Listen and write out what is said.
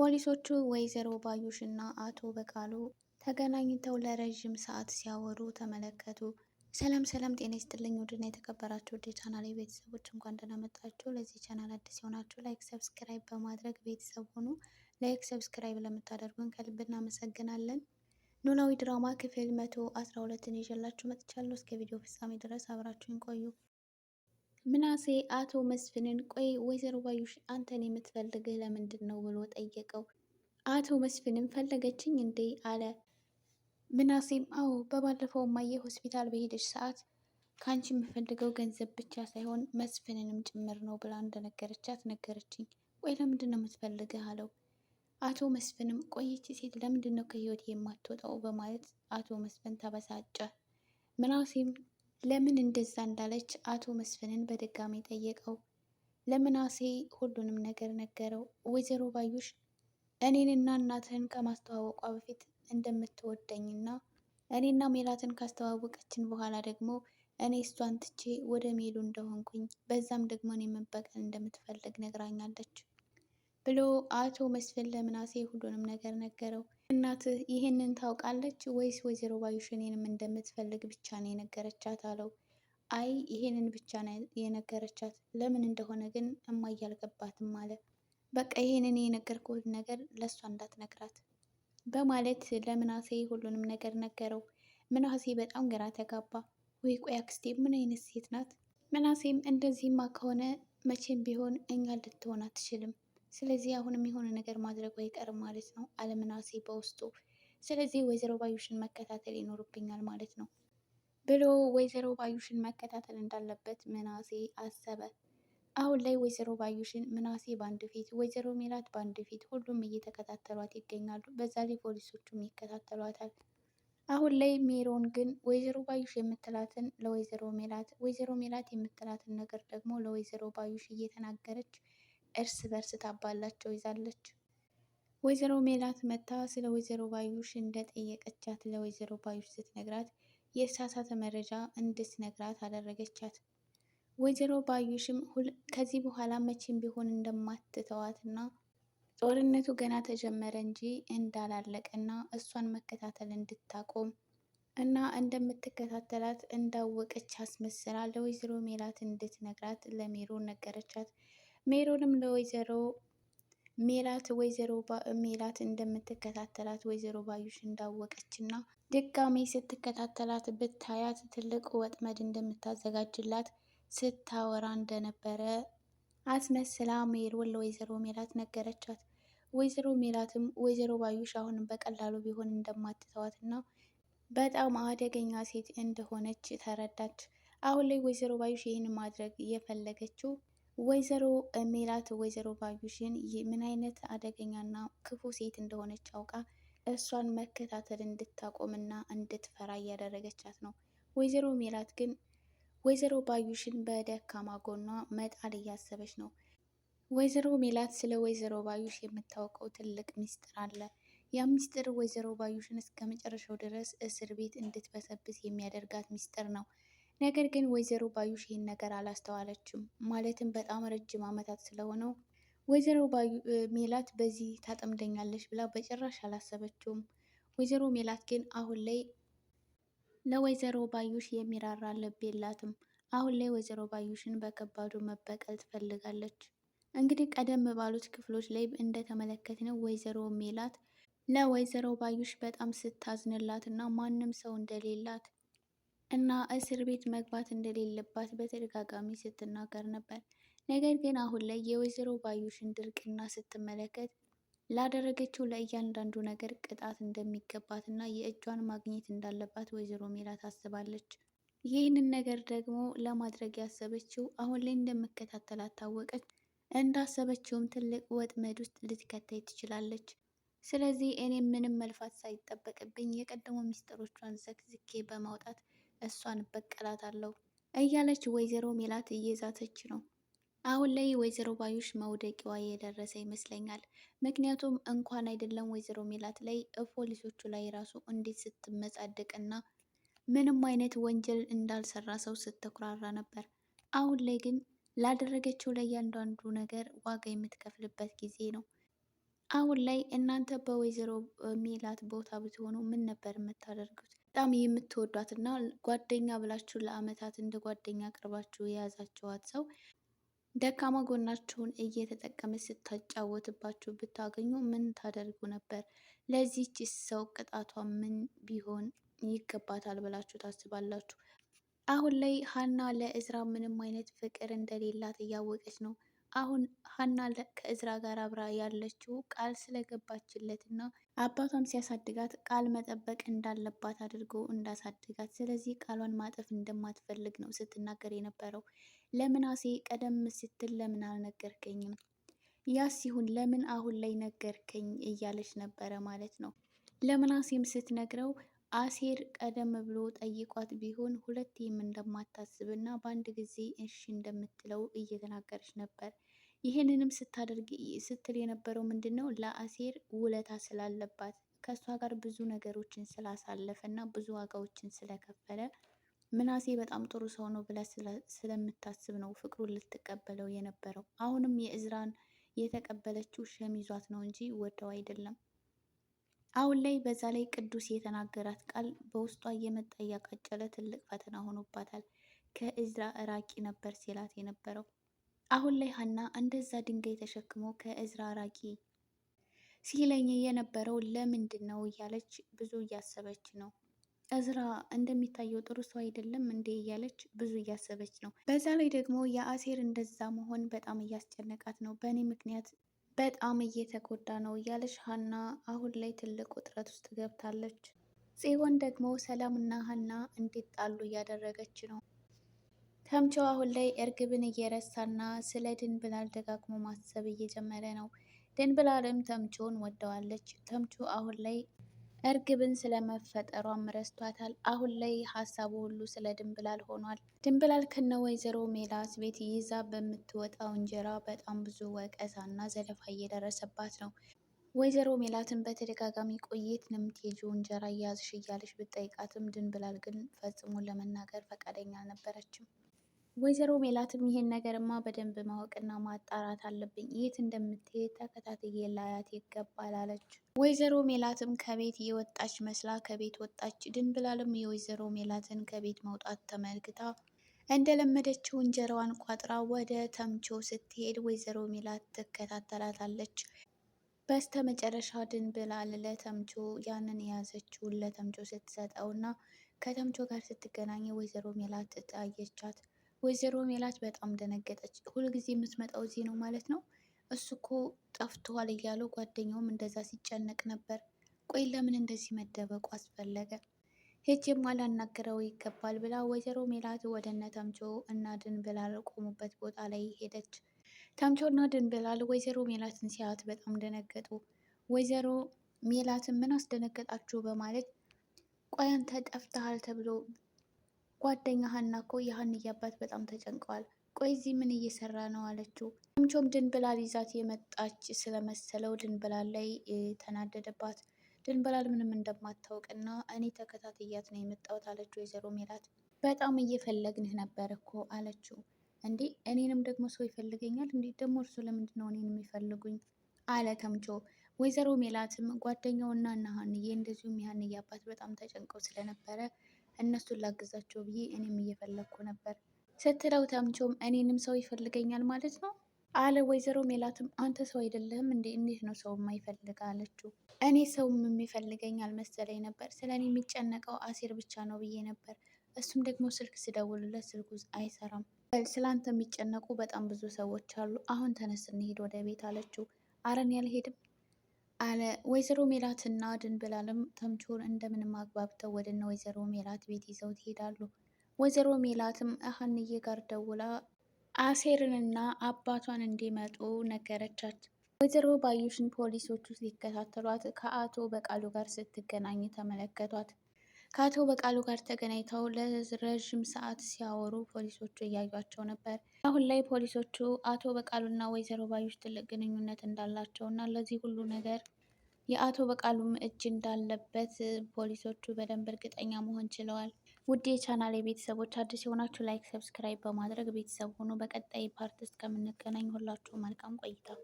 ፖሊሶቹ ወይዘሮ ባዩሽ እና አቶ በቃሉ ተገናኝተው ለረዥም ሰዓት ሲያወሩ ተመለከቱ። ሰላም ሰላም፣ ጤና ይስጥልኝ ውድና የተከበራችሁ ወደ ቻናል ቤተሰቦች እንኳን ደህና መጣችሁ። ለዚህ ቻናል አዲስ የሆናችሁ ላይክ፣ ሰብስክራይብ በማድረግ ቤተሰብ ሆኑ። ላይክ፣ ሰብስክራይብ ለምታደርጉን ከልብ እናመሰግናለን። ኖላዊ ድራማ ክፍል መቶ አስራ ሁለትን ይዤላችሁ መጥቻለሁ። እስከ ቪዲዮ ፍጻሜ ድረስ አብራችሁን ቆዩ። ምናሴ አቶ መስፍንን ቆይ ወይዘሮ ባዩሽ አንተን የምትፈልግህ ለምንድን ነው ብሎ ጠየቀው። አቶ መስፍንም ፈለገችኝ እንዴ አለ። ምናሴም አዎ፣ በባለፈው ማየ ሆስፒታል በሄደች ሰዓት ከአንቺ የምፈልገው ገንዘብ ብቻ ሳይሆን መስፍንንም ጭምር ነው ብላ እንደነገረቻት ነገረችኝ። ቆይ ለምንድን ነው የምትፈልግህ አለው። አቶ መስፍንም ቆይቺ ሴት ለምንድን ነው ከህይወት የማትወጣው በማለት አቶ መስፍን ተበሳጨ። ምናሴም ለምን እንደዛ እንዳለች አቶ መስፍንን በድጋሚ ጠየቀው። ለምናሴ ሁሉንም ነገር ነገረው። ወይዘሮ ባዩሽ እኔንና እናትህን ከማስተዋወቋ በፊት እንደምትወደኝና እኔና ሜላትን ካስተዋወቀችን በኋላ ደግሞ እኔ እሷን ትቼ ወደ ሜሉ እንደሆንኩኝ በዛም ደግሞ እኔ መበቀል እንደምትፈልግ ነግራኛለች። ብሎ አቶ መስፍን ለምናሴ ሁሉንም ነገር ነገረው። እናትህ ይህንን ታውቃለች ወይስ ወይዘሮ ባዩሽ እኔንም እንደምትፈልግ ብቻ ነው የነገረቻት አለው። አይ ይህንን ብቻ ነው የነገረቻት፣ ለምን እንደሆነ ግን እማዬ አልገባትም አለ። በቃ ይህንን የነገርኩት ነገር ለእሷ እንዳትነግራት በማለት ለምናሴ ሁሉንም ነገር ነገረው። ምናሴ በጣም ግራ ተጋባ። ወይ ቆይ አክስቴ ምን አይነት ሴት ናት? ምናሴም እንደዚህማ ከሆነ መቼም ቢሆን እኛ ልትሆን አትችልም ስለዚህ አሁንም የሆነ ነገር ማድረጉ አይቀርም ማለት ነው አለ ምናሴ በውስጡ። ስለዚህ ወይዘሮ ባዩሽን መከታተል ይኖርብኛል ማለት ነው ብሎ ወይዘሮ ባዩሽን መከታተል እንዳለበት ምናሴ አሰበ። አሁን ላይ ወይዘሮ ባዩሽን ምናሴ በአንድ ፊት፣ ወይዘሮ ሜላት በአንድ ፊት፣ ሁሉም እየተከታተሏት ይገኛሉ። በዛ ላይ ፖሊሶቹም ይከታተሏታል። አሁን ላይ ሜሮን ግን ወይዘሮ ባዩሽ የምትላትን ለወይዘሮ ሜላት፣ ወይዘሮ ሜላት የምትላትን ነገር ደግሞ ለወይዘሮ ባዩሽ እየተናገረች እርስ በርስ ታባላቸው ይዛለች። ወይዘሮ ሜላት መታ ስለ ወይዘሮ ባዩሽ እንደጠየቀቻት ለወይዘሮ ባዩሽ ስትነግራት የእሳሳተ መረጃ እንድትነግራት አደረገቻት። ወይዘሮ ባዩሽም ከዚህ በኋላ መቼም ቢሆን እንደማትተዋት እና ጦርነቱ ገና ተጀመረ እንጂ እንዳላለቀ እና እሷን መከታተል እንድታቆም እና እንደምትከታተላት እንዳወቀች አስመስላ ለወይዘሮ ሜላት እንድትነግራት ለሜሮ ነገረቻት። ሜሮንም ለወይዘሮ ሜላት ወይዘሮ ሜላት እንደምትከታተላት ወይዘሮ ባዩሽ እንዳወቀች እና ድጋሜ ስትከታተላት ብታያት ትልቅ ወጥመድ እንደምታዘጋጅላት ስታወራ እንደነበረ አስመስላ ሜሮን ለወይዘሮ ሜላት ነገረቻት። ወይዘሮ ሜላትም ወይዘሮ ባዩሽ አሁንም በቀላሉ ቢሆን እንደማትተዋት እና በጣም አደገኛ ሴት እንደሆነች ተረዳች። አሁን ላይ ወይዘሮ ባዩሽ ይህን ማድረግ የፈለገችው ወይዘሮ ሜላት ወይዘሮ ባዩሽን ምን አይነት አደገኛና ክፉ ሴት እንደሆነች አውቃ እሷን መከታተል እንድታቆምና እንድትፈራ እያደረገቻት ነው። ወይዘሮ ሜላት ግን ወይዘሮ ባዩሽን በደካማ ጎኗ መጣል እያሰበች ነው። ወይዘሮ ሜላት ስለ ወይዘሮ ባዩሽ የምታውቀው ትልቅ ሚስጥር አለ። ያ ሚስጥር ወይዘሮ ባዩሽን እስከ መጨረሻው ድረስ እስር ቤት እንድትበሰብስ የሚያደርጋት ሚስጥር ነው። ነገር ግን ወይዘሮ ባዩሽ ይህን ነገር አላስተዋለችም። ማለትም በጣም ረጅም ዓመታት ስለሆነው ወይዘሮ ሜላት በዚህ ታጠምደኛለች ብላ በጭራሽ አላሰበችውም። ወይዘሮ ሜላት ግን አሁን ላይ ለወይዘሮ ባዩሽ የሚራራ ልብ የላትም። አሁን ላይ ወይዘሮ ባዩሽን በከባዱ መበቀል ትፈልጋለች። እንግዲህ ቀደም ባሉት ክፍሎች ላይ እንደተመለከትነው ወይዘሮ ሜላት ለወይዘሮ ባዩሽ በጣም ስታዝንላት እና ማንም ሰው እንደሌላት እና እስር ቤት መግባት እንደሌለባት በተደጋጋሚ ስትናገር ነበር። ነገር ግን አሁን ላይ የወይዘሮ ባዩሽን ድርቅና ስትመለከት ላደረገችው ለእያንዳንዱ ነገር ቅጣት እንደሚገባት እና የእጇን ማግኘት እንዳለባት ወይዘሮ ሜላት ታስባለች። ይህንን ነገር ደግሞ ለማድረግ ያሰበችው አሁን ላይ እንደምከታተላት ታወቀች። እንዳሰበችውም ትልቅ ወጥመድ ውስጥ ልትከታይ ትችላለች። ስለዚህ እኔ ምንም መልፋት ሳይጠበቅብኝ የቀደሙ ሚስጥሮቿን ዘግዝኬ በማውጣት እሷን እበቀላታለሁ እያለች ወይዘሮ ሜላት እየዛተች ነው። አሁን ላይ ወይዘሮ ባዩሽ መውደቂዋ የደረሰ ይመስለኛል። ምክንያቱም እንኳን አይደለም ወይዘሮ ሜላት ላይ ፖሊሶቹ ላይ ራሱ እንዴት ስትመጻደቅና ምንም አይነት ወንጀል እንዳልሰራ ሰው ስትኩራራ ነበር። አሁን ላይ ግን ላደረገችው ላይ ያንዳንዱ ነገር ዋጋ የምትከፍልበት ጊዜ ነው። አሁን ላይ እናንተ በወይዘሮ ሜላት ቦታ ብትሆኑ ምን ነበር የምታደርጉት? በጣም የምትወዷትና ጓደኛ ብላችሁ ለአመታት እንደ ጓደኛ ቅርባችሁ የያዛችኋት ሰው ደካማ ጎናችሁን እየተጠቀመች ስታጫወትባችሁ ብታገኙ ምን ታደርጉ ነበር? ለዚህች ሰው ቅጣቷ ምን ቢሆን ይገባታል ብላችሁ ታስባላችሁ? አሁን ላይ ሀና ለእዝራ ምንም አይነት ፍቅር እንደሌላት እያወቀች ነው። አሁን ሀና ከእዝራ ጋር አብራ ያለችው ቃል ስለገባችለት እና አባቷም ሲያሳድጋት ቃል መጠበቅ እንዳለባት አድርጎ እንዳሳድጋት፣ ስለዚህ ቃሏን ማጠፍ እንደማትፈልግ ነው ስትናገር የነበረው። ለምናሴ ቀደም ስትል ለምን አልነገርከኝም? ያ ሲሆን ለምን አሁን ላይ ነገርከኝ እያለች ነበረ ማለት ነው። ለምናሴም ስትነግረው አሴር ቀደም ብሎ ጠይቋት ቢሆን ሁለቴም እንደማታስብ እና በአንድ ጊዜ እሺ እንደምትለው እየተናገረች ነበር። ይህንንም ስታደርግ ስትል የነበረው ምንድን ነው ለአሴር ውለታ ስላለባት ከእሷ ጋር ብዙ ነገሮችን ስላሳለፈ እና ብዙ ዋጋዎችን ስለከፈለ ምናሴ በጣም ጥሩ ሰው ነው ብላ ስለምታስብ ነው ፍቅሩን ልትቀበለው የነበረው። አሁንም የእዝራን የተቀበለችው ሸሚዟት ነው እንጂ ወደው አይደለም። አሁን ላይ በዛ ላይ ቅዱስ የተናገራት ቃል በውስጧ እየመጣ እያቃጨለ ትልቅ ፈተና ሆኖባታል። ከእዝራ ራቂ ነበር ሲላት የነበረው አሁን ላይ ሀና እንደዛ ድንጋይ ተሸክሞ ከእዝራ ራቂ ሲለኝ የነበረው ለምንድን ነው እያለች ብዙ እያሰበች ነው። እዝራ እንደሚታየው ጥሩ ሰው አይደለም እንዴ እያለች ብዙ እያሰበች ነው። በዛ ላይ ደግሞ የአሴር እንደዛ መሆን በጣም እያስጨነቃት ነው። በእኔ ምክንያት በጣም እየተጎዳ ነው እያለች ሀና አሁን ላይ ትልቅ ውጥረት ውስጥ ገብታለች። ጽዮን ደግሞ ሰላምና ሀና እንዲጣሉ እያደረገች ነው። ተምቸው አሁን ላይ እርግብን እየረሳና ስለ ድንብላል ደጋግሞ ማሰብ እየጀመረ ነው። ድንብላልም ተምቾን ወደዋለች። ተምቾ አሁን ላይ እርግብን ስለመፈጠሯም ረስቷታል። አሁን ላይ ሀሳቡ ሁሉ ስለ ድንብላል ሆኗል። ድንብላል ከነ ወይዘሮ ሜላስ ቤት ይዛ በምትወጣው እንጀራ በጣም ብዙ ወቀሳና ዘለፋ እየደረሰባት ነው። ወይዘሮ ሜላትን በተደጋጋሚ ቆየት ነው የምትሄጂው እንጀራ እያዝሽ እያለች ብጠይቃትም ድንብላል ግን ፈጽሞ ለመናገር ፈቃደኛ አልነበረችም። ወይዘሮ ሜላትም ይሄን ነገርማ በደንብ ማወቅና ማጣራት አለብኝ፣ የት እንደምትሄድ ተከታትዬ ላያት ይገባል አለች። ወይዘሮ ሜላትም ከቤት የወጣች መስላ ከቤት ወጣች። ድንብላልም የወይዘሮ ሜላትን ከቤት መውጣት ተመልክታ እንደለመደችው እንጀራዋን ቋጥራ ወደ ተምቾ ስትሄድ ወይዘሮ ሜላት ትከታተላታለች። በስተ መጨረሻ ድንብላል ለተምቾ ያንን የያዘችውን ለተምቾ ስትሰጠውና ከተምቾ ጋር ስትገናኝ ወይዘሮ ሜላት ታየቻት። ወይዘሮ ሜላት በጣም ደነገጠች። ሁልጊዜ የምትመጣው እዚህ ነው ማለት ነው። እሱ እኮ ጠፍተዋል እያሉ ጓደኛውም እንደዛ ሲጨነቅ ነበር። ቆይ ለምን እንደዚህ መደበቁ አስፈለገ? ሄጄማ ላናግረው ይገባል ብላ ወይዘሮ ሜላት ወደ እነ ተምቾ እና ድንብላል ቆሙበት ቦታ ላይ ሄደች። ተምቾ እና ድንብላል ወይዘሮ ሜላትን ሲያዩት በጣም ደነገጡ። ወይዘሮ ሜላትን ምን አስደነገጣችሁ በማለት ቆይ አንተ ጠፍተሃል ተብሎ ጓደኛ ሀና እኮ የሀንዬ አባት በጣም ተጨንቀዋል። ቆይ እዚህ ምን እየሰራ ነው አለችው። ምቾም ድንብላል ይዛት የመጣች ስለመሰለው ድንብላል ላይ ተናደደባት። ድንብላል ምንም እንደማታውቅና እኔ ተከታትያት ነው የመጣሁት አለችው። ወይዘሮ ሜላት በጣም እየፈለግንህ ነበር እኮ አለችው። እንዴ እኔንም ደግሞ ሰው ይፈልገኛል እንዴ? ደግሞ እርሱ ለምንድን ነው እኔን የሚፈልጉኝ? አለ ተምቾ። ወይዘሮ ሜላትም ጓደኛውና እና ሀንዬ እንደዚሁም የሀንዬ አባት በጣም ተጨንቀው ስለነበረ እነሱን ላግዛቸው ብዬ እኔም እየፈለግኩ ነበር ስትለው ተምቾም እኔንም ሰው ይፈልገኛል ማለት ነው አለ። ወይዘሮ ሜላትም አንተ ሰው አይደለህም እንዴ? እንዴት ነው ሰው የማይፈልግ አለችው። እኔ ሰውም የሚፈልገኝ አልመሰለኝ ነበር። ስለ እኔ የሚጨነቀው አሴር ብቻ ነው ብዬ ነበር። እሱም ደግሞ ስልክ ስደውልለት ስልኩ አይሰራም። ስለ አንተ የሚጨነቁ በጣም ብዙ ሰዎች አሉ። አሁን ተነስ እንሄድ ወደ ቤት አለችው። አረን ያልሄድም አለ። ወይዘሮ ሜላትና ድንብላልም ተምቹን እንደምንም አግባብተው ወደነ ወይዘሮ ሜላት ቤት ይዘው ይሄዳሉ። ወይዘሮ ሜላትም ሀንዬ ጋር ደውላ አሴርንና አባቷን እንዲመጡ ነገረቻት። ወይዘሮ ባዩሽን ፖሊሶቹ ሊከታተሏት ከአቶ በቃሉ ጋር ስትገናኝ ተመለከቷት። ከአቶ በቃሉ ጋር ተገናኝተው ለረዥም ሰዓት ሲያወሩ ፖሊሶቹ እያዩቸው ነበር። አሁን ላይ ፖሊሶቹ አቶ በቃሉና ወይዘሮ ባዩሽ ትልቅ ግንኙነት እንዳላቸው እና ለዚህ ሁሉ ነገር የአቶ በቃሉም እጅ እንዳለበት ፖሊሶቹ በደንብ እርግጠኛ መሆን ችለዋል። ውድ የቻናሌ ቤተሰቦች አዲስ የሆናችሁ ላይክ፣ ሰብስክራይብ በማድረግ ቤተሰብ ሆኖ በቀጣይ ፓርት እስከምንገናኝ ሁላችሁ መልካም ቆይታ